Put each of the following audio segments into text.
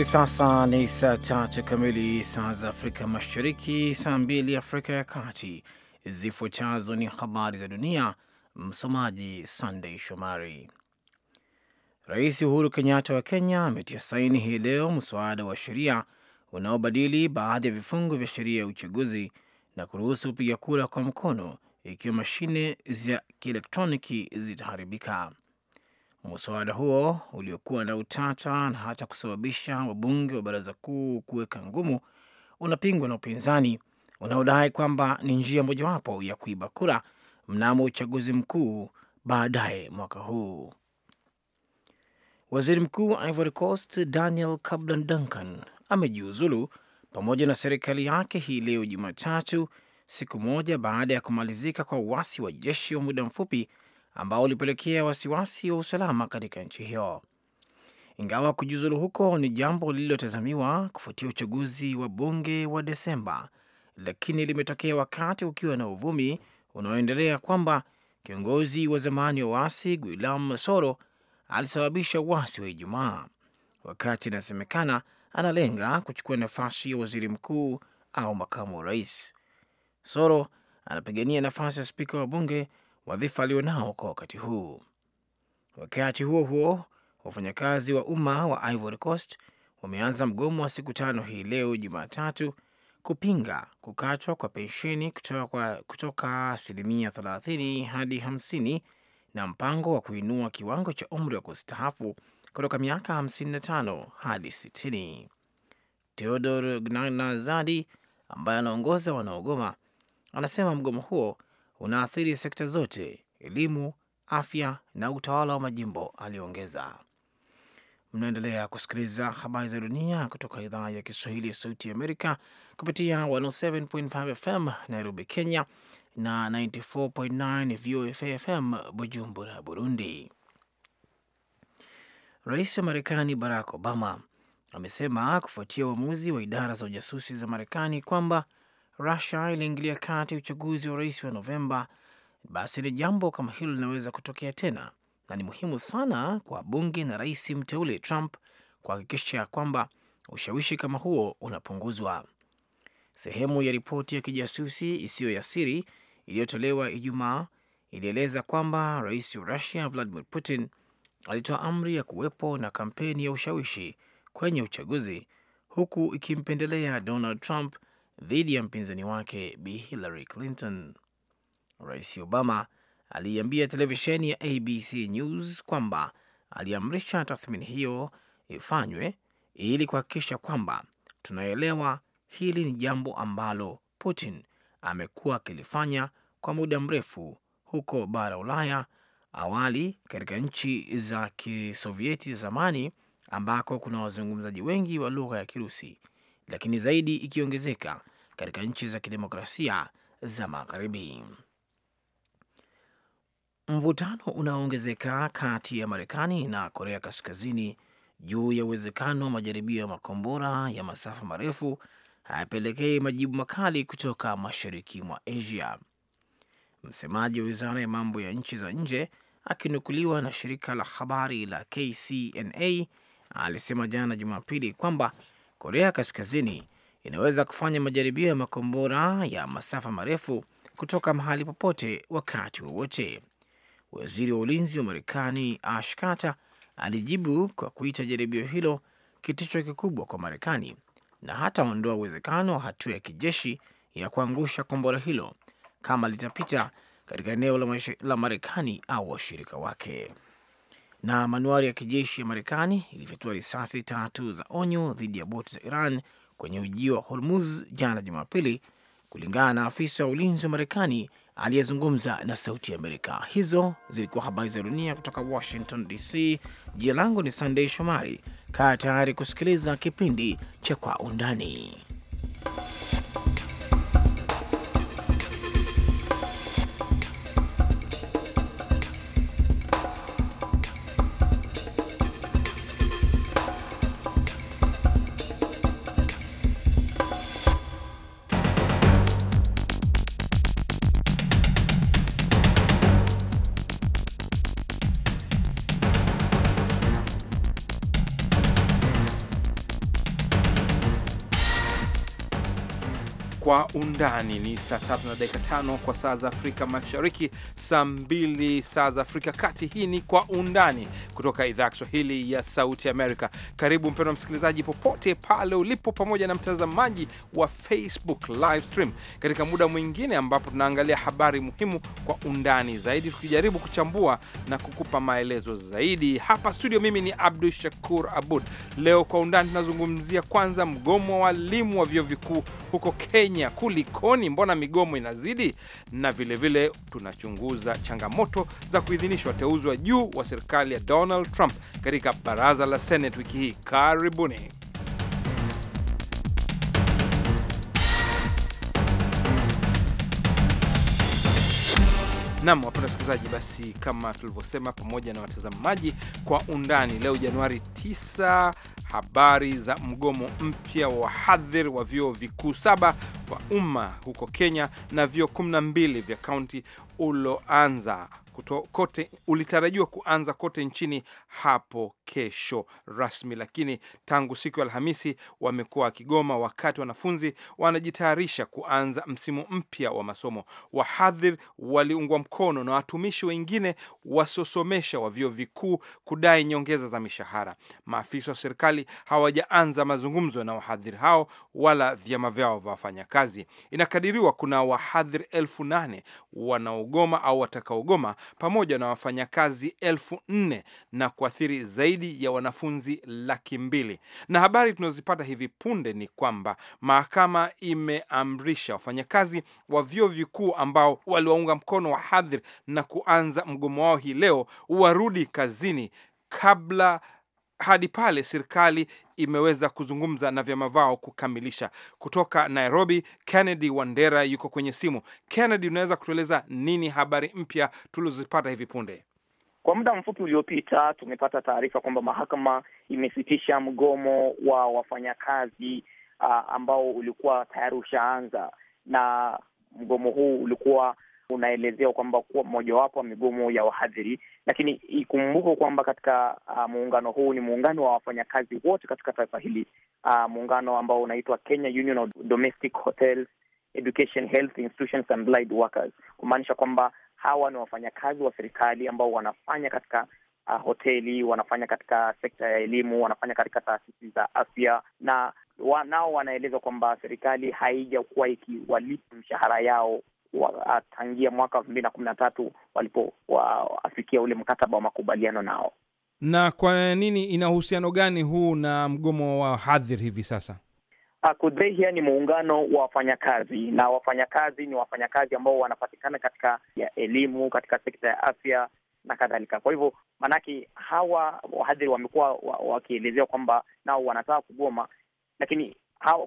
Hivi sasa ni saa tatu kamili saa za Afrika Mashariki, saa mbili Afrika ya Kati. Zifuatazo ni habari za dunia, msomaji sandey Shomari. Rais Uhuru Kenyatta wa Kenya ametia saini hii leo mswada wa sheria unaobadili baadhi ya vifungu vya sheria ya uchaguzi na kuruhusu kupiga kura kwa mkono ikiwa mashine za kielektroniki zitaharibika. Muswada huo uliokuwa na utata na hata kusababisha wabunge wa baraza kuu kuweka ngumu, unapingwa na upinzani unaodai kwamba ni njia mojawapo ya kuiba kura mnamo uchaguzi mkuu baadaye mwaka huu. Waziri Mkuu wa Ivory Coast Daniel cablan Duncan amejiuzulu pamoja na serikali yake hii leo Jumatatu, siku moja baada ya kumalizika kwa uasi wa jeshi wa muda mfupi ambao ulipelekea wasiwasi wa usalama katika nchi hiyo. Ingawa kujiuzulu huko ni jambo lililotazamiwa kufuatia uchaguzi wa bunge wa Desemba, lakini limetokea wakati ukiwa na uvumi unaoendelea kwamba kiongozi wa zamani wa waasi Guilam Masoro alisababisha uasi wa Ijumaa, wakati inasemekana analenga kuchukua nafasi ya waziri mkuu au makamu wa rais. Soro anapigania nafasi ya spika wa bunge wadhifa alionao kwa wakati huu. Wakati huo huo, wafanyakazi wa umma wa Ivory Coast wameanza mgomo wa siku tano hii leo Jumatatu kupinga kukatwa kwa pensheni kutoka asilimia 30 hadi 50 na mpango wa kuinua kiwango cha umri wa kustaafu kutoka miaka 55 hadi 60. teodor Gnanazadi ambaye anaongoza wanaogoma anasema mgomo huo unaathiri sekta zote: elimu, afya na utawala wa majimbo, aliongeza. Mnaendelea kusikiliza habari za dunia kutoka idhaa ya Kiswahili ya Sauti ya Amerika kupitia 107.5 FM Nairobi, Kenya na 94.9 VOA FM Bujumbura, Burundi. Rais wa Marekani Barack Obama amesema kufuatia uamuzi wa idara za ujasusi za Marekani kwamba Rusia iliingilia kati uchaguzi wa rais wa Novemba, basi ni jambo kama hilo linaweza kutokea tena, na ni muhimu sana kwa bunge na rais mteule Trump kuhakikisha kwamba ushawishi kama huo unapunguzwa. Sehemu ya ripoti ya kijasusi isiyo ya siri iliyotolewa Ijumaa ilieleza kwamba rais wa Rusia Vladimir Putin alitoa amri ya kuwepo na kampeni ya ushawishi kwenye uchaguzi, huku ikimpendelea Donald Trump dhidi ya mpinzani wake Bi Hillary Clinton. Rais Obama aliiambia televisheni ya ABC News kwamba aliamrisha tathmini hiyo ifanywe ili kuhakikisha kwamba tunaelewa hili ni jambo ambalo Putin amekuwa akilifanya kwa muda mrefu huko bara Ulaya, awali katika nchi za Kisovieti zamani ambako kuna wazungumzaji wengi wa lugha ya Kirusi lakini zaidi ikiongezeka katika nchi za kidemokrasia za Magharibi. Mvutano unaoongezeka kati ya Marekani na Korea Kaskazini juu ya uwezekano wa majaribio ya makombora ya masafa marefu hayapelekei majibu makali kutoka mashariki mwa Asia. Msemaji wa wizara ya mambo ya nchi za nje akinukuliwa na shirika la habari la KCNA alisema jana Jumapili kwamba Korea Kaskazini inaweza kufanya majaribio ya makombora ya masafa marefu kutoka mahali popote wakati wowote. Waziri wa ulinzi wa Marekani Ash Carter alijibu kwa kuita jaribio hilo kitisho kikubwa kwa Marekani na hataondoa uwezekano wa hatua ya kijeshi ya kuangusha kombora hilo kama litapita katika eneo la Marekani au washirika wake na manuari ya kijeshi ya Marekani ilifyatua risasi tatu za onyo dhidi ya boti za Iran kwenye ujio wa Hormuz jana Jumapili, kulingana na afisa wa ulinzi wa Marekani aliyezungumza na Sauti ya Amerika. Hizo zilikuwa habari za dunia kutoka Washington DC. Jina langu ni Sandey Shomari. Kaa tayari kusikiliza kipindi cha Kwa Undani. Kwa undani ni saa tatu na dakika tano kwa saa za Afrika Mashariki, saa mbili saa za Afrika Kati. Hii ni Kwa Undani kutoka idhaa ya Kiswahili ya Sauti Amerika. Karibu mpendwa msikilizaji, popote pale ulipo, pamoja na mtazamaji wa Facebook live stream, katika muda mwingine ambapo tunaangalia habari muhimu kwa undani zaidi, tukijaribu kuchambua na kukupa maelezo zaidi. Hapa studio, mimi ni Abdu Shakur Abud. Leo Kwa Undani tunazungumzia kwanza mgomo wa walimu wa vyuo vikuu huko Kenya Kenya, kulikoni? Mbona migomo inazidi? Na vilevile vile, tunachunguza changamoto za kuidhinishwa wateuzi wa juu wa serikali ya Donald Trump katika baraza la Senate wiki hii. Karibuni. Nam, wapenda wasikilizaji, basi kama tulivyosema, pamoja na watazamaji, kwa undani leo Januari 9, habari za mgomo mpya wa wahadhiri wa vyuo vikuu saba kwa umma huko Kenya na vyuo 12 vya kaunti uloanza kuto, kote ulitarajiwa kuanza kote nchini hapo kesho rasmi, lakini tangu siku ya Alhamisi wamekuwa wakigoma wakati wanafunzi wanajitayarisha kuanza msimu mpya wa masomo. wahadhir waliungwa mkono na watumishi wengine wasiosomesha wa vyuo vikuu kudai nyongeza za mishahara. Maafisa wa serikali hawajaanza mazungumzo na wahadhiri hao wala vyama vyao vya wafanyakazi. Inakadiriwa kuna wahadhiri elfu nane wanaogoma au watakaogoma pamoja na wafanyakazi elfu nne na kuathiri zaidi ya wanafunzi laki mbili. Na habari tunazozipata hivi punde ni kwamba mahakama imeamrisha wafanyakazi wa vyuo vikuu ambao waliwaunga mkono wa hadhir na kuanza mgomo wao hii leo warudi kazini kabla hadi pale serikali imeweza kuzungumza na vyama vao kukamilisha. Kutoka Nairobi, Kennedy Wandera yuko kwenye simu. Kennedy, unaweza kutueleza nini habari mpya tulizozipata hivi punde? Kwa muda mfupi uliopita tumepata taarifa kwamba mahakama imesitisha mgomo wa wafanyakazi uh, ambao ulikuwa tayari ushaanza, na mgomo huu ulikuwa unaelezewa kwamba kuwa mojawapo wa migomo ya wahadhiri, lakini ikumbukwe kwamba katika uh, muungano huu ni muungano wa wafanyakazi wote katika taifa hili uh, muungano ambao unaitwa Kenya Union of Domestic Hotels Education Health Institutions and Allied Workers, kumaanisha kwamba hawa ni wafanyakazi wa serikali ambao wanafanya katika uh, hoteli, wanafanya katika sekta ya elimu, wanafanya katika taasisi za afya na wa, nao wanaeleza kwamba serikali haijakuwa ikiwalipa mshahara yao wa, tangia mwaka elfu mbili na kumi na tatu walipowafikia ule mkataba wa makubaliano nao. Na kwa nini, ina uhusiano gani huu na mgomo wa hadhir hivi sasa? Kudhehia ni muungano wa wafanyakazi na wafanyakazi ni wafanyakazi ambao wanapatikana katika ya elimu, katika sekta ya afya na kadhalika. Kwa hivyo maanake hawa wahadhiri wamekuwa wakielezewa kwamba nao wanataka kugoma, lakini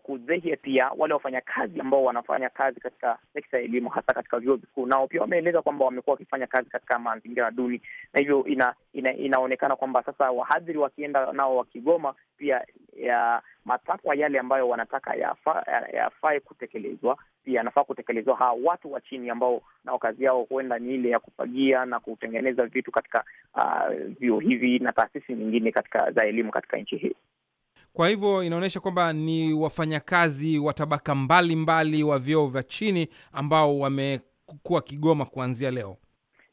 kuudhehia pia wale wafanyakazi ambao wanafanya kazi katika sekta ya elimu, hasa katika vyuo vikuu. Nao pia wameeleza kwamba wamekuwa wakifanya kazi katika mazingira duni, na hivyo ina, ina, inaonekana kwamba sasa wahadhiri wakienda nao wakigoma pia ya matakwa yale ambayo wanataka yafae ya kutekelezwa pia yanafaa kutekelezwa. Hawa watu wa chini ambao nao kazi yao huenda ni ile ya kufagia na kutengeneza vitu katika uh, vyuo hivi na taasisi nyingine katika za elimu katika nchi hii. Kwa hivyo inaonyesha kwamba ni wafanyakazi wa tabaka mbalimbali wa vyoo vya chini ambao wamekuwa Kigoma kuanzia leo.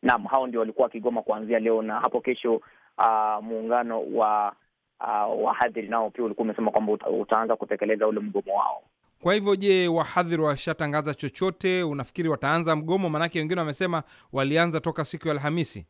Naam, hao ndio walikuwa Kigoma kuanzia leo, na hapo kesho uh, muungano wa uh, wahadhiri nao pia ulikuwa umesema kwamba utaanza kutekeleza ule mgomo wao. Kwa hivyo, je, wahadhiri washatangaza chochote? Unafikiri wataanza mgomo? Maanake wengine wamesema walianza toka siku ya Alhamisi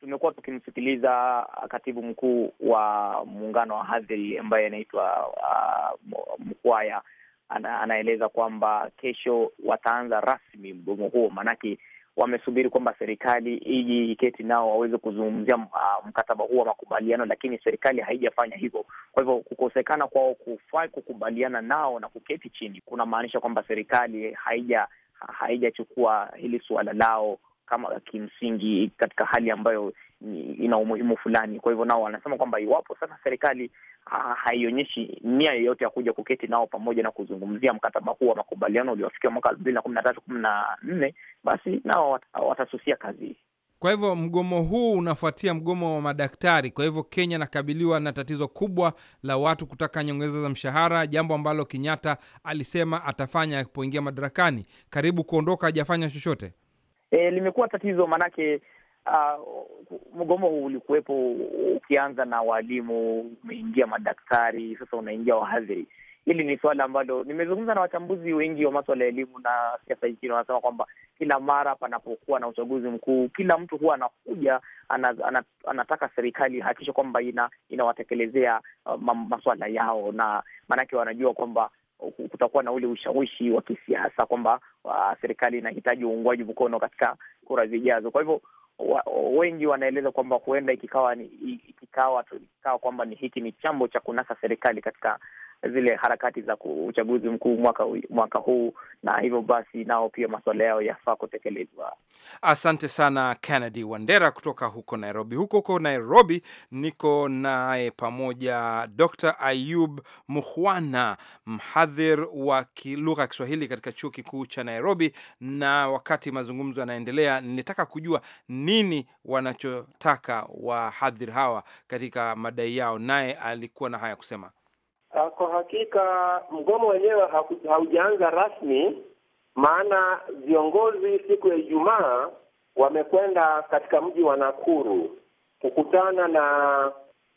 tumekuwa tukimsikiliza katibu mkuu wa muungano wa hadhiri ambaye anaitwa uh, Mkwaya ana, anaeleza kwamba kesho wataanza rasmi mgomo huo, maanake wamesubiri kwamba serikali iji iketi nao waweze kuzungumzia uh, mkataba huu wa makubaliano, lakini serikali haijafanya hivyo. Kwa hivyo kukosekana kwao kufai kukubaliana nao na kuketi chini kunamaanisha kwamba serikali haija haijachukua hili suala lao kama kimsingi katika hali ambayo ina umuhimu fulani. Kwa hivyo nao wanasema kwamba iwapo sasa serikali ah, haionyeshi nia yoyote ya kuja kuketi nao pamoja na kuzungumzia mkataba huu wa makubaliano uliofikiwa mwaka elfu mbili na kumi na tatu kumi na nne basi nao watasusia kazi. Kwa hivyo mgomo huu unafuatia mgomo wa madaktari. Kwa hivyo Kenya inakabiliwa na tatizo kubwa la watu kutaka nyongeza za mshahara, jambo ambalo Kenyatta alisema atafanya alipoingia madarakani. Karibu kuondoka, hajafanya chochote e, limekuwa tatizo maanake Uh, mgomo huu ulikuwepo ukianza na walimu umeingia madaktari, sasa unaingia wahadhiri. Hili ni suala ambalo nimezungumza na wachambuzi wengi wa maswala ya elimu na siasa nchini, wanasema kwamba kila mara panapokuwa na uchaguzi mkuu, kila mtu huwa anakuja anataka ana, ana, serikali ihakikishe kwamba ina, inawatekelezea uh, maswala yao, na maanake wanajua kwamba kutakuwa na ule ushawishi wa kisiasa kwamba uh, serikali inahitaji uungwaji mkono katika kura zijazo. Kwa hivyo wa, wengi wanaeleza kwamba huenda ikikawa ni, ikikawa, ikikawa kwamba ni hiki ni chambo cha kunasa serikali katika zile harakati za uchaguzi mkuu mwaka, mwaka huu, na hivyo basi nao pia masuala yao yafaa kutekelezwa. Asante sana Kennedy Wandera kutoka huko Nairobi. Huko huko Nairobi niko naye pamoja Dr. Ayub muhwana mhadhir wa lugha ya Kiswahili katika chuo kikuu cha Nairobi, na wakati mazungumzo yanaendelea, nilitaka kujua nini wanachotaka wahadhir hawa katika madai yao, naye alikuwa na haya kusema. Ah, kwa hakika mgomo wenyewe haujaanza rasmi, maana viongozi siku ya Ijumaa wamekwenda katika mji wa Nakuru kukutana na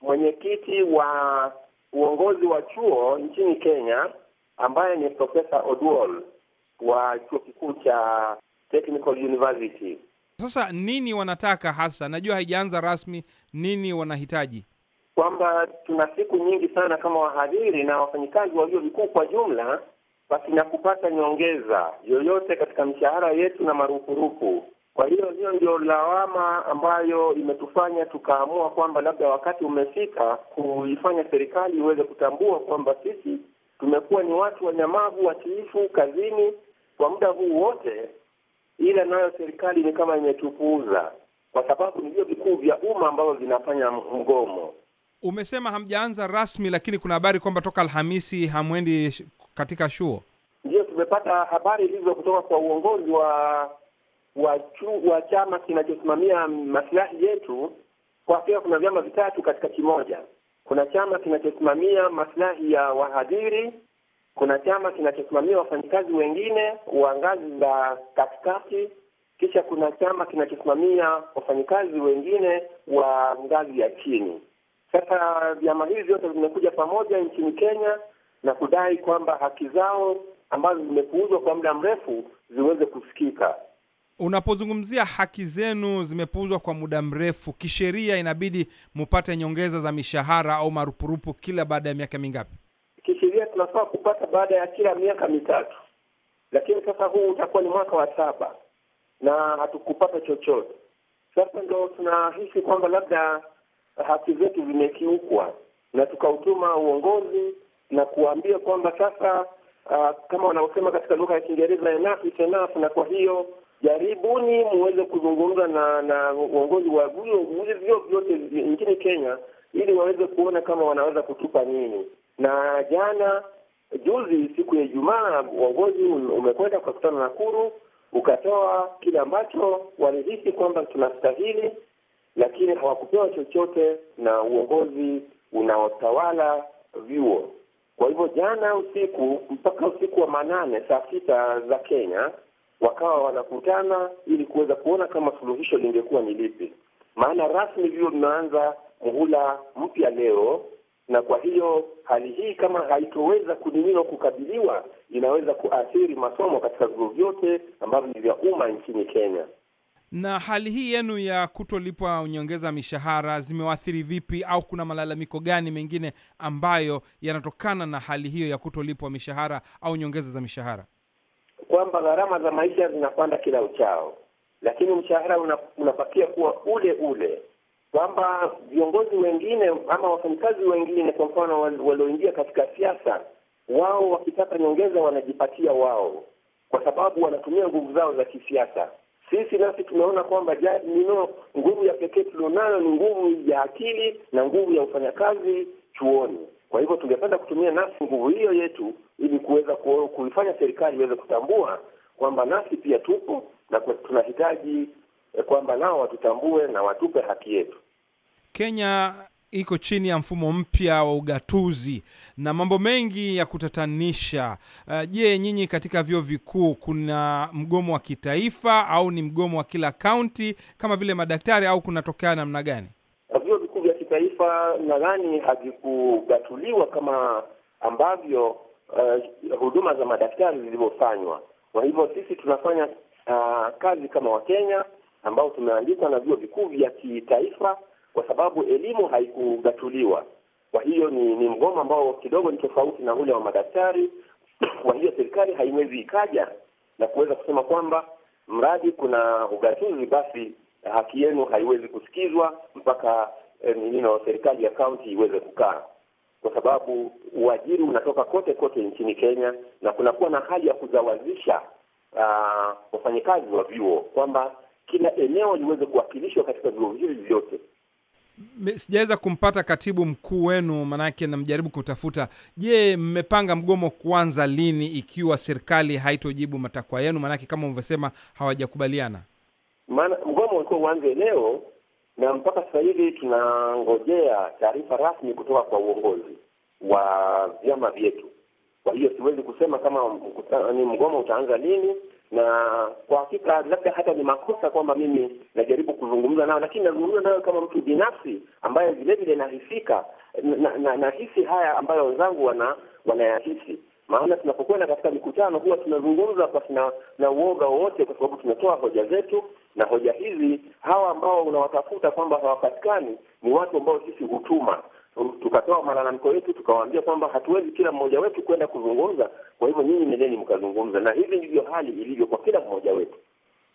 mwenyekiti wa uongozi wa chuo nchini Kenya ambaye ni Profesa Oduol wa chuo kikuu cha Technical University. Sasa nini wanataka hasa? Najua haijaanza rasmi, nini wanahitaji? kwamba tuna siku nyingi sana kama wahadhiri na wafanyikazi wa vyuo vikuu kwa jumla, basi na kupata nyongeza yoyote katika mishahara yetu na marupurupu. Kwa hiyo hiyo ndio lawama ambayo imetufanya tukaamua kwamba labda wakati umefika kuifanya serikali iweze kutambua kwamba sisi tumekuwa ni watu wanyamavu watiifu kazini kwa muda huu wote, ila nayo serikali ni kama imetupuuza, kwa sababu ni vyuo vikuu vya umma ambavyo vinafanya mgomo. Umesema hamjaanza rasmi, lakini kuna habari kwamba toka Alhamisi hamwendi katika shuo Ndiyo, tumepata habari hizo kutoka kwa uongozi wa wa, chu, wa chama kinachosimamia masilahi yetu. Kwa hakika kuna vyama vitatu katika kimoja. Kuna chama kinachosimamia masilahi ya wahadhiri, kuna chama kinachosimamia wafanyakazi wengine wa ngazi za katikati, kisha kuna chama kinachosimamia wafanyakazi wengine wa ngazi ya chini. Sasa vyama hivi vyote vimekuja pamoja nchini Kenya na kudai kwamba haki zao ambazo zimepuuzwa kwa muda mrefu ziweze kusikika. Unapozungumzia haki zenu zimepuuzwa kwa muda mrefu, kisheria inabidi mupate nyongeza za mishahara au marupurupu kila baada ya miaka mingapi? Kisheria tunafaa kupata baada ya kila miaka mitatu, lakini sasa huu utakuwa ni mwaka wa saba na hatukupata chochote. Sasa ndo tunahisi kwamba labda haki zetu zimekiukwa na tukautuma uongozi na kuwaambia kwamba sasa, uh, kama wanavyosema katika lugha ya Kiingereza enough is enough, na kwa hiyo jaribuni muweze kuzungumza na na uongozi wa vyuo vyote nchini Kenya ili waweze kuona kama wanaweza kutupa nini. Na jana juzi, siku ya Ijumaa, uongozi umekwenda na Nakuru, ukatoa kile ambacho walihisi kwamba tunastahili lakini hawakupewa chochote na uongozi unaotawala vyuo. Kwa hivyo jana usiku mpaka usiku wa manane, saa sita za Kenya, wakawa wanakutana ili kuweza kuona kama suluhisho lingekuwa ni lipi, maana rasmi vyuo vimeanza muhula mpya leo, na kwa hiyo hali hii kama haitoweza kudumiwa kukabiliwa, inaweza kuathiri masomo katika vyuo vyote ambavyo ni vya umma nchini Kenya. Na hali hii yenu ya kutolipwa unyongeza mishahara zimewaathiri vipi, au kuna malalamiko gani mengine ambayo yanatokana na hali hiyo ya kutolipwa mishahara au nyongeza za mishahara? Kwamba gharama za maisha zinapanda kila uchao, lakini mshahara unapakia unabakia kuwa ule ule kwamba viongozi wengine ama wafanyakazi wengine kwa mfano walioingia katika siasa, wao wakitaka nyongeza wanajipatia wao, kwa sababu wanatumia nguvu zao za kisiasa. Sisi nasi tumeona kwamba nino nguvu ya pekee tulionayo ni nguvu ya akili na nguvu ya ufanyakazi chuoni. Kwa hivyo tungependa kutumia nasi nguvu hiyo yetu ili kuweza kuifanya serikali iweze kutambua kwamba nasi pia tupo na tunahitaji eh, kwamba nao watutambue na watupe haki yetu. Kenya iko chini ya mfumo mpya wa ugatuzi na mambo mengi ya kutatanisha. Uh, je, nyinyi katika vyuo vikuu kuna mgomo wa kitaifa au ni mgomo wa kila kaunti kama vile madaktari au kunatokea namna gani? Vyuo vikuu vya kitaifa nadhani havikugatuliwa kama ambavyo uh, huduma za madaktari zilivyofanywa. Kwa hivyo sisi tunafanya uh, kazi kama Wakenya ambao tumeandikwa na vyuo vikuu vya kitaifa kwa sababu elimu haikugatuliwa. Kwa hiyo ni, ni mgomo ambao kidogo ni tofauti na ule wa madaktari. Kwa hiyo serikali haiwezi ikaja na kuweza kusema kwamba mradi kuna ugatuzi, basi haki yenu haiwezi kusikizwa mpaka eh, nino serikali ya kaunti iweze kukaa, kwa sababu uajiri unatoka kote kote nchini Kenya na kunakuwa na hali ya kuzawazisha ah, wafanyakazi wa vyuo kwamba kila eneo liweze kuwakilishwa katika vyuo hivi vyote sijaweza kumpata katibu mkuu wenu, manake namjaribu kutafuta. Je, mmepanga mgomo kuanza lini ikiwa serikali haitojibu matakwa yenu? Manake kama ulivyosema hawajakubaliana. Maana mgomo ulikuwa uanze leo na mpaka sasa hivi tunangojea taarifa rasmi kutoka kwa uongozi wa vyama vyetu. Kwa hiyo siwezi kusema kama mgomo utaanza lini na kwa hakika labda hata ni makosa kwamba mimi najaribu kuzungumza nao, lakini nazungumza nayo kama mtu binafsi ambaye vilevile nahisika na, na, nahisi haya ambayo wenzangu wana wanayahisi. Maana tunapokwenda katika mikutano huwa tunazungumza pasi na, na uoga wowote, kwa sababu tunatoa hoja zetu, na hoja hizi hawa ambao unawatafuta kwamba hawapatikani ni watu ambao sisi hutuma malalamiko yetu, tukawaambia kwamba hatuwezi kila mmoja wetu kwenda kuzungumza, kwa hivyo nyinyi nendeni mkazungumza, na hivi ndivyo hali ilivyo kwa kila mmoja wetu.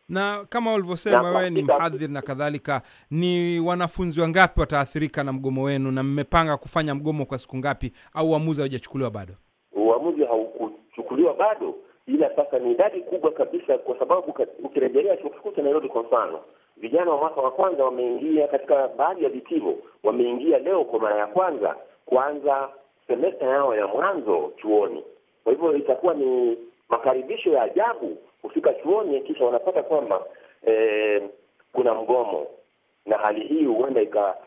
Na kama ulivyosema wewe ni mhadhiri na kadhalika, ni wanafunzi wangapi wataathirika na mgomo wenu, na mmepanga kufanya mgomo kwa siku ngapi, au uamuzi haujachukuliwa bado? Uamuzi haukuchukuliwa bado, ila sasa ni idadi kubwa kabisa, kwa sababu ukirejelea chuo kikuu cha Nairobi kwa mfano vijana wa mwaka wa kwanza wameingia katika baadhi ya vitivo, wameingia leo kwa mara ya kwanza, kuanza semesta yao ya mwanzo chuoni. Kwa hivyo itakuwa ni makaribisho ya ajabu kufika chuoni, kisha wanapata kwamba e, kuna mgomo, na hali hii huenda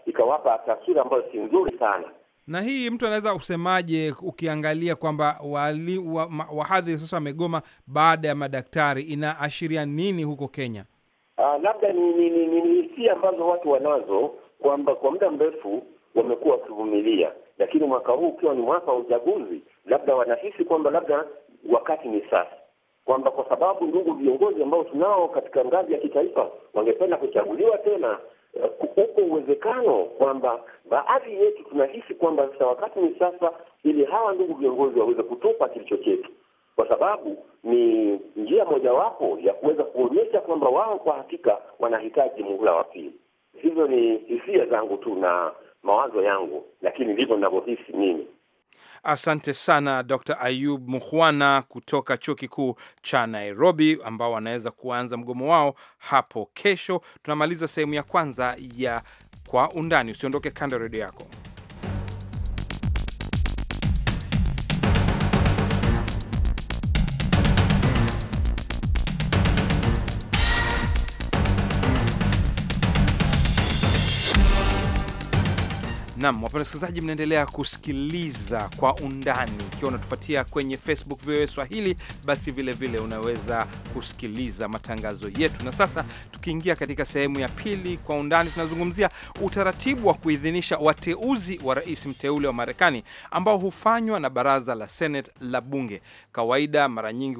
ikawapa taswira ambayo si nzuri sana. Na hii mtu anaweza kusemaje, ukiangalia kwamba wahadhiri wa, sasa wamegoma baada ya madaktari, inaashiria nini huko Kenya? Aa, ah, labda ni hisia ni, ni, ni, ambazo watu wanazo kwamba kwa muda mrefu wamekuwa wakivumilia lakini mwaka huu ukiwa ni mwaka wa uchaguzi, labda wanahisi kwamba labda wakati ni sasa, kwamba kwa sababu ndugu viongozi ambao tunao katika ngazi ya kitaifa wangependa kuchaguliwa tena. huko eh, uwezekano kwamba baadhi yetu tunahisi kwamba sasa wakati ni sasa, ili hawa ndugu viongozi waweze kutupa kilicho chetu, kwa sababu ni njia mojawapo ya kuweza kuonyesha kwamba wao kwa hakika wanahitaji muhula wa pili. Hizo ni hisia zangu tu na mawazo yangu, lakini ndivyo ninavyohisi mimi. Asante sana Dr. Ayub Mukhwana kutoka chuo kikuu cha Nairobi, ambao wanaweza kuanza mgomo wao hapo kesho. Tunamaliza sehemu ya kwanza ya Kwa Undani. Usiondoke kando ya redio yako. Nam, wapenda wasikilizaji, mnaendelea kusikiliza kwa undani. Ikiwa unatufuatia kwenye Facebook VOA Swahili, basi vilevile vile unaweza kusikiliza matangazo yetu. Na sasa tukiingia katika sehemu ya pili kwa undani, tunazungumzia utaratibu wa kuidhinisha wateuzi wa rais mteule wa Marekani ambao hufanywa na baraza la Senate la bunge. Kawaida mara nyingi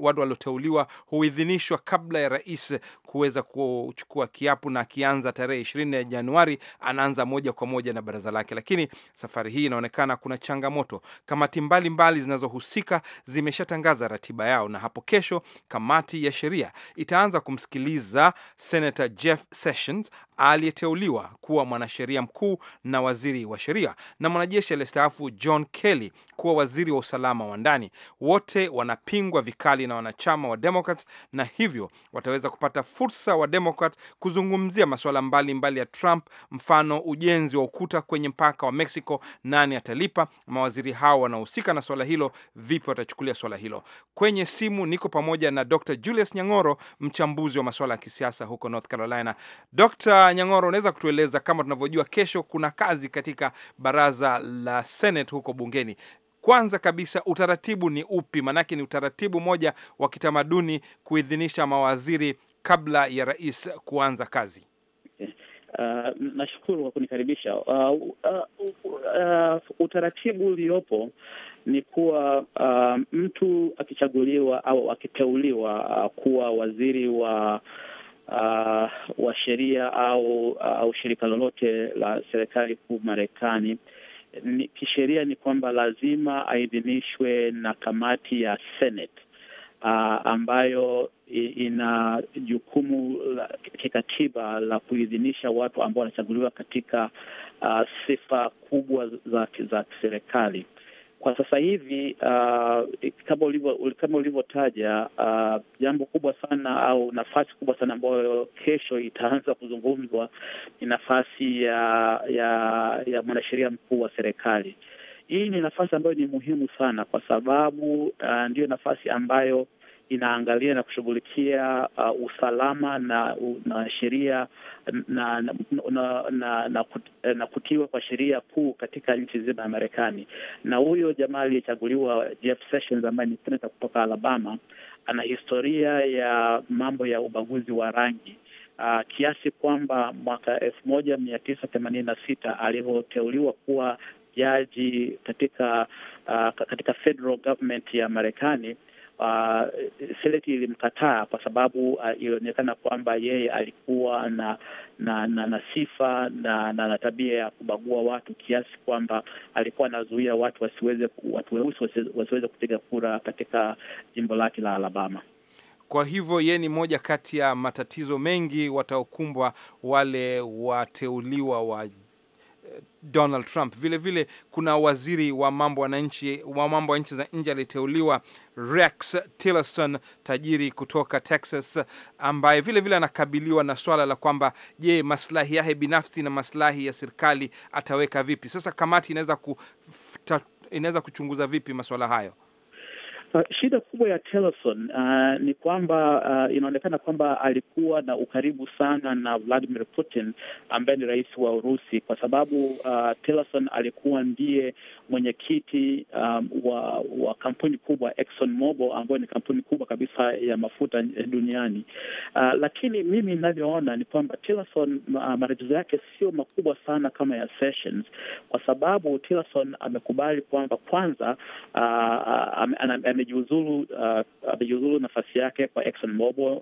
watu walioteuliwa huidhinishwa kabla ya rais kuweza kuchukua kiapu, na akianza tarehe ishirini ya Januari anaanza moja kwa moja na baraza lake. Lakini safari hii inaonekana kuna changamoto. Kamati mbalimbali zinazohusika zimeshatangaza ratiba yao, na hapo kesho kamati ya sheria itaanza kumsikiliza Senator Jeff Sessions aliyeteuliwa kuwa mwanasheria mkuu na waziri wa sheria na mwanajeshi aliyestaafu John Kelly kuwa waziri wa usalama wa ndani. Wote wanapingwa vikali na wanachama wa Democrats, na hivyo wataweza kupata fursa wa Democrat kuzungumzia masuala mbalimbali ya Trump, mfano ujenzi wa ukuta kwenye mpaka wa Mexico, nani atalipa? Mawaziri hao wanahusika na swala hilo, vipi watachukulia swala hilo? Kwenye simu niko pamoja na Dr. Julius Nyang'oro, mchambuzi wa masuala ya kisiasa huko North Carolina. Dr. Nyang'oro, unaweza kutueleza, kama tunavyojua, kesho kuna kazi katika baraza la Senate huko bungeni kwanza kabisa utaratibu ni upi? Maanake ni utaratibu moja wa kitamaduni kuidhinisha mawaziri kabla ya rais kuanza kazi. Uh, nashukuru kwa kunikaribisha. Uh, uh, uh, uh, utaratibu uliopo ni kuwa uh, mtu akichaguliwa au akiteuliwa uh, kuwa waziri wa uh, wa sheria au uh, shirika lolote la serikali kuu Marekani ni, kisheria ni kwamba lazima aidhinishwe na kamati ya Senate uh, ambayo ina jukumu la kikatiba la kuidhinisha watu ambao wanachaguliwa katika uh, sifa kubwa za, za kiserikali. Kwa sasa hivi uh, kama ulivyotaja uh, jambo kubwa sana au nafasi kubwa sana ambayo kesho itaanza kuzungumzwa ni nafasi ya ya, ya mwanasheria mkuu wa serikali. Hii ni nafasi ambayo ni muhimu sana kwa sababu uh, ndiyo nafasi ambayo inaangalia na kushughulikia uh, usalama na, uh, na sheria na na, na, na, na, na kutiwa kwa sheria kuu katika nchi zima ya Marekani. Na huyo jamaa aliyechaguliwa Jeff Sessions ambaye ni seneta kutoka Alabama ana historia ya mambo ya ubaguzi wa rangi. Uh, kiasi kwamba mwaka elfu moja mia tisa themanini na sita alivyoteuliwa kuwa jaji katika uh, katika federal government ya Marekani uh, Seneti ilimkataa kwa sababu uh, ilionekana kwamba yeye alikuwa na na na, na sifa na, na na tabia ya kubagua watu kiasi kwamba alikuwa anazuia watu wasiweze watu weusi wasiweze kupiga kura katika jimbo lake la Alabama. Kwa hivyo ye ni moja kati ya matatizo mengi wataokumbwa wale wateuliwa wa Donald Trump. Vile vile kuna waziri wa mambo ya nchi wa mambo ya nchi za nje aliteuliwa Rex Tillerson, tajiri kutoka Texas, ambaye vile vile anakabiliwa na swala la kwamba je, maslahi yake binafsi na maslahi ya serikali ataweka vipi? Sasa kamati inaweza ku inaweza kuchunguza vipi masuala hayo? Uh, shida kubwa ya Tillerson uh, ni kwamba uh, inaonekana kwamba alikuwa na ukaribu sana na Vladimir Putin ambaye ni rais wa Urusi kwa sababu uh, Tillerson alikuwa ndiye mwenyekiti um, wa, wa kampuni kubwa Exxon Mobil ambayo ni kampuni kubwa kabisa ya mafuta duniani. Uh, lakini mimi ninavyoona ni kwamba Tillerson uh, matatizo yake sio makubwa sana kama ya Sessions kwa sababu Tillerson amekubali kwamba kwanza uh, am, am, am, amejiuzulu, uh, amejiuzulu nafasi yake kwa Exxon Mobil.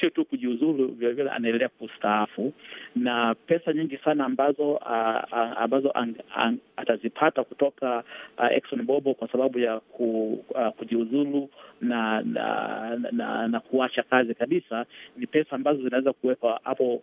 Sio tu kujiuzulu, vilevile anaendelea kustaafu na pesa nyingi sana ambazo uh, uh, ambazo ang, ang, atazipata kutoka uh, Exxon Mobil kwa sababu ya ku, uh, kujiuzulu na na, na na kuacha kazi kabisa, ni pesa ambazo zinaweza kuwekwa hapo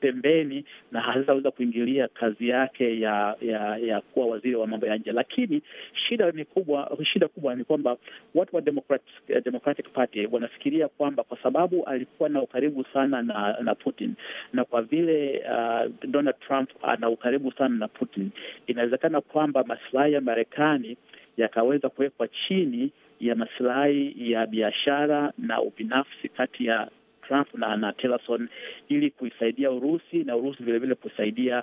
pembeni na hazitaweza kuingilia kazi yake ya ya, ya kuwa waziri wa mambo ya nje, lakini shida ni kubwa, shida kubwa ni kwamba watu wa Democratic, uh, Democratic Party wanafikiria kwamba kwa sababu alikuwa na ukaribu sana na, na Putin na kwa vile uh, Donald Trump ana ukaribu sana na Putin, inawezekana kwamba masilahi ya Marekani yakaweza kuwekwa chini ya masilahi ya biashara na ubinafsi kati ya Trump na na Tillerson ili kuisaidia Urusi na Urusi vilevile kusaidia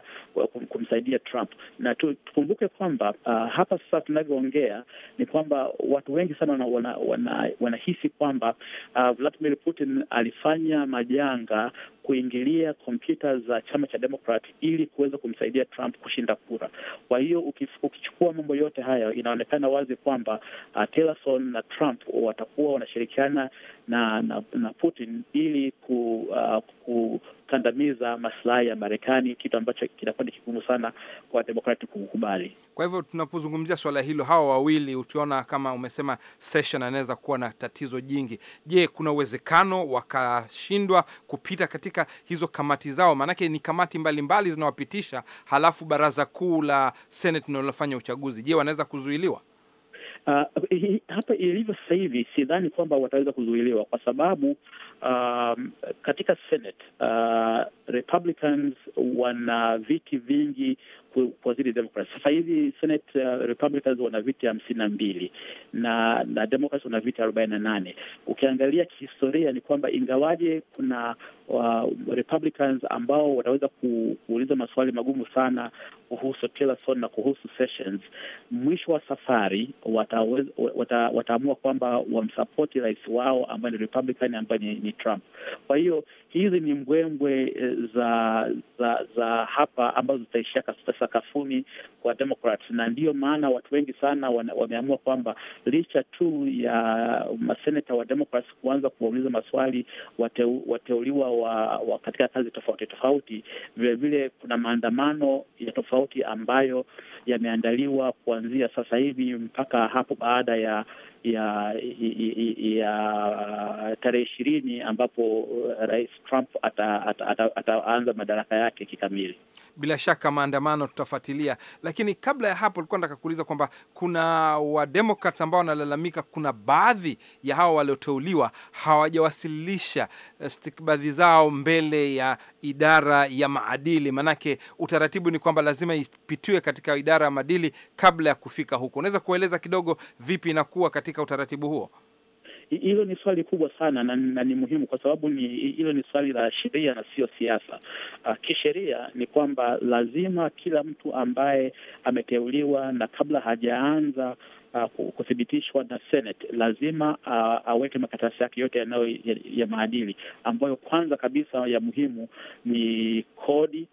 kumsaidia Trump. Na tukumbuke kwamba uh, hapa sasa tunavyoongea ni kwamba watu wengi sana wanahisi wana, wana, wana kwamba uh, Vladimir Putin alifanya majanga kuingilia kompyuta za chama cha Demokrat ili kuweza kumsaidia Trump kushinda kura. Kwa hiyo ukichukua mambo yote hayo, inaonekana wazi kwamba uh, Tillerson na Trump watakuwa wanashirikiana na na, na Putin ili ku, uh, kukandamiza masilahi ya Marekani, kitu ambacho kinakuwa ni kigumu sana kwa Demokrati kukubali. Kwa hivyo tunapozungumzia swala hilo, hawa wawili ukiona kama umesema Sessions anaweza kuwa na tatizo jingi. Je, kuna uwezekano wakashindwa kupita katika hizo kamati zao? Maanake ni kamati mbalimbali zinawapitisha, halafu baraza kuu la Senate linalofanya uchaguzi. Je, wanaweza kuzuiliwa? Uh, hapa ilivyo sasa hivi sidhani kwamba wataweza kuzuiliwa kwa sababu um, katika Senate uh, Republicans wana viti vingi zile Democrats. Sasa hivi Senate uh, Republicans wana viti hamsini na mbili na na Democrats wana viti arobaini na nane. Ukiangalia kihistoria ni kwamba ingawaje kuna uh, Republicans ambao wanaweza kuuliza maswali magumu sana kuhusu Tillerson na kuhusu Sessions, mwisho wa safari wataamua wata, wata kwamba wamsapoti rais wao ambaye ni Republican ambaye ni Trump. Kwa hiyo hizi ni mbwembwe eh, za za za hapa ambazo zitaishia sakafuni kwa Democrats, na ndiyo maana watu wengi sana wameamua kwamba licha tu ya maseneta wa Democrats kuanza kuwauliza maswali wateuliwa wa, wa katika kazi tofauti tofauti, vilevile kuna maandamano ya tofauti ambayo yameandaliwa kuanzia sasa hivi mpaka hapo baada ya ya ya tarehe ishirini ambapo uh, Rais Trump ataanza ata, ata, ata madaraka yake kikamili. Bila shaka maandamano tutafuatilia, lakini kabla ya hapo ulikuwa nataka kuuliza kwamba kuna wademokrat ambao wanalalamika, kuna baadhi ya hawa walioteuliwa hawajawasilisha uh, stikbadhi zao mbele ya idara ya maadili. maanake utaratibu ni kwamba lazima ipitiwe katika idara ya maadili kabla ya kufika huko. Unaweza kueleza kidogo vipi inakuwa katika katika utaratibu huo? Hilo ni swali kubwa sana na, na ni muhimu kwa sababu ni hilo ni swali la sheria na sio siasa. Uh, kisheria ni kwamba lazima kila mtu ambaye ameteuliwa na kabla hajaanza Uh, kuthibitishwa na Senate lazima uh, aweke makaratasi yake yote yanayo ya, ya maadili ambayo kwanza kabisa ya muhimu ni kodi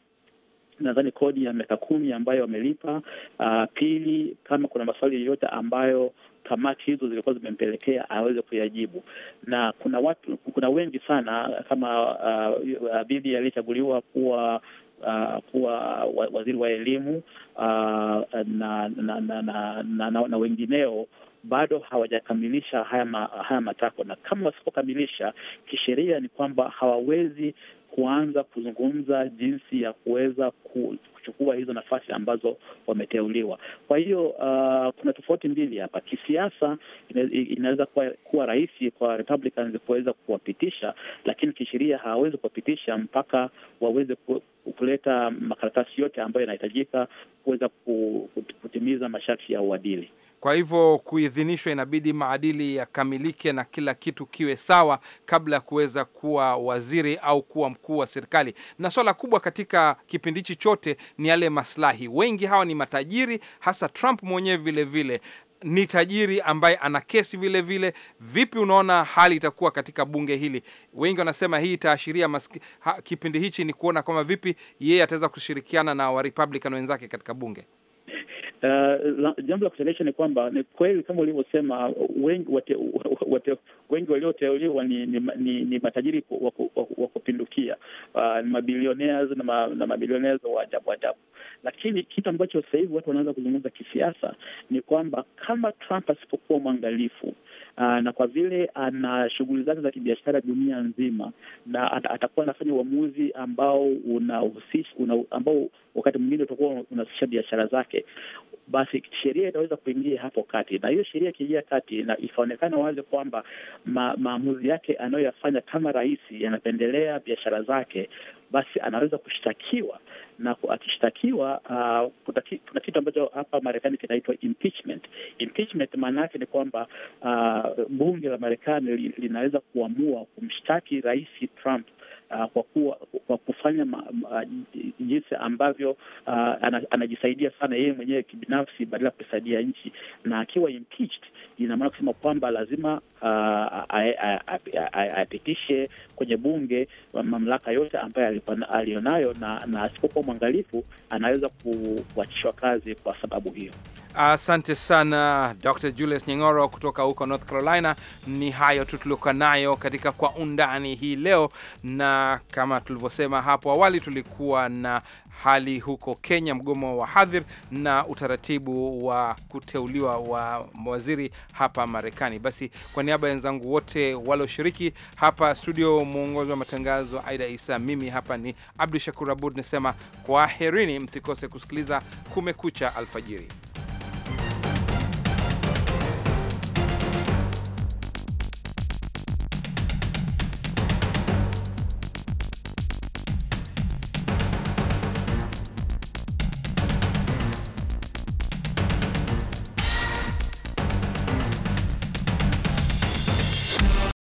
nadhani kodi ya miaka kumi ambayo wamelipa. Uh, pili, kama kuna maswali yoyote ambayo kamati hizo zilikuwa zimempelekea aweze kuyajibu, na kuna watu, kuna wengi sana kama uh, bibi aliyechaguliwa kuwa Uh, kuwa waziri wa elimu uh, na, na, na, na, na, na wengineo bado hawajakamilisha haya, ma, haya matakwa, na kama wasipokamilisha kisheria ni kwamba hawawezi kuanza kuzungumza jinsi ya kuweza ku, kuchukua hizo nafasi ambazo wameteuliwa. Kwa hiyo uh, kuna tofauti mbili hapa. Kisiasa inaweza kuwa, kuwa rahisi kwa Republicans kuweza kuwapitisha, lakini kisheria hawawezi kuwapitisha mpaka waweze ku, kuleta makaratasi yote ambayo yanahitajika kuweza kutimiza masharti ya uadili. Kwa hivyo kuidhinishwa, inabidi maadili yakamilike na kila kitu kiwe sawa kabla ya kuweza kuwa waziri au kuwa mkuu wa serikali. Na swala kubwa katika kipindi hichi chote ni yale maslahi. Wengi hawa ni matajiri, hasa Trump mwenyewe vilevile ni tajiri ambaye ana kesi vile vile. Vipi unaona hali itakuwa katika bunge hili? Wengi wanasema hii itaashiria kipindi hichi ni kuona kwamba vipi yeye ataweza kushirikiana na Warepublican wenzake katika bunge. Uh, jambo la kuchelewesha ni kwamba ni kweli kama ulivyosema, wengi walioteuliwa ni, ni, ni, ni matajiri wa kupindukia uh, ni mabilionea na, ma, na mabilionea wa ajabu ajabu, lakini kitu ambacho sasa hivi watu wanaanza kuzungumza kisiasa ni kwamba kama Trump asipokuwa mwangalifu uh, na kwa vile ana shughuli zake za kibiashara dunia nzima, na atakuwa anafanya uamuzi ambao unahusisha una, ambao wakati mwingine utakuwa unahusisha biashara zake basi sheria inaweza kuingia hapo kati, na hiyo sheria ikiingia kati na ikaonekana wazi kwamba ma, maamuzi yake anayoyafanya kama rais yanapendelea biashara zake, basi anaweza kushtakiwa na akishtakiwa, uh, kuna kitu ambacho hapa Marekani kinaitwa impeachment. Impeachment maana yake ni kwamba uh, bunge la Marekani linaweza kuamua kumshtaki rais Trump uh, kwa kuwa kwa kufanya ma, ma, jinsi ambavyo uh, ana, anajisaidia sana yeye mwenyewe kibinafsi badala ya kusaidia nchi, na akiwa impeached, ina maana kusema kwamba lazima uh, apitishe kwenye bunge uh, mamlaka yote ambayo aliyonayo, na, na asipokuwa mwangalifu anaweza kuachishwa kazi kwa sababu hiyo. Asante sana Dr Julius Nyeng'oro kutoka huko North Carolina. Ni hayo tu tuliokuwa nayo katika Kwa Undani hii leo, na kama tulivyosema hapo awali, tulikuwa na hali huko Kenya, mgomo wa hadhir na utaratibu wa kuteuliwa wa waziri hapa Marekani. Basi kwa niaba ya wenzangu wote walioshiriki hapa studio, mwongozi wa matangazo Aida Isa, mimi hapa ni Abdu Shakur Abud kwa kwaherini, msikose kusikiliza Kumekucha alfajiri.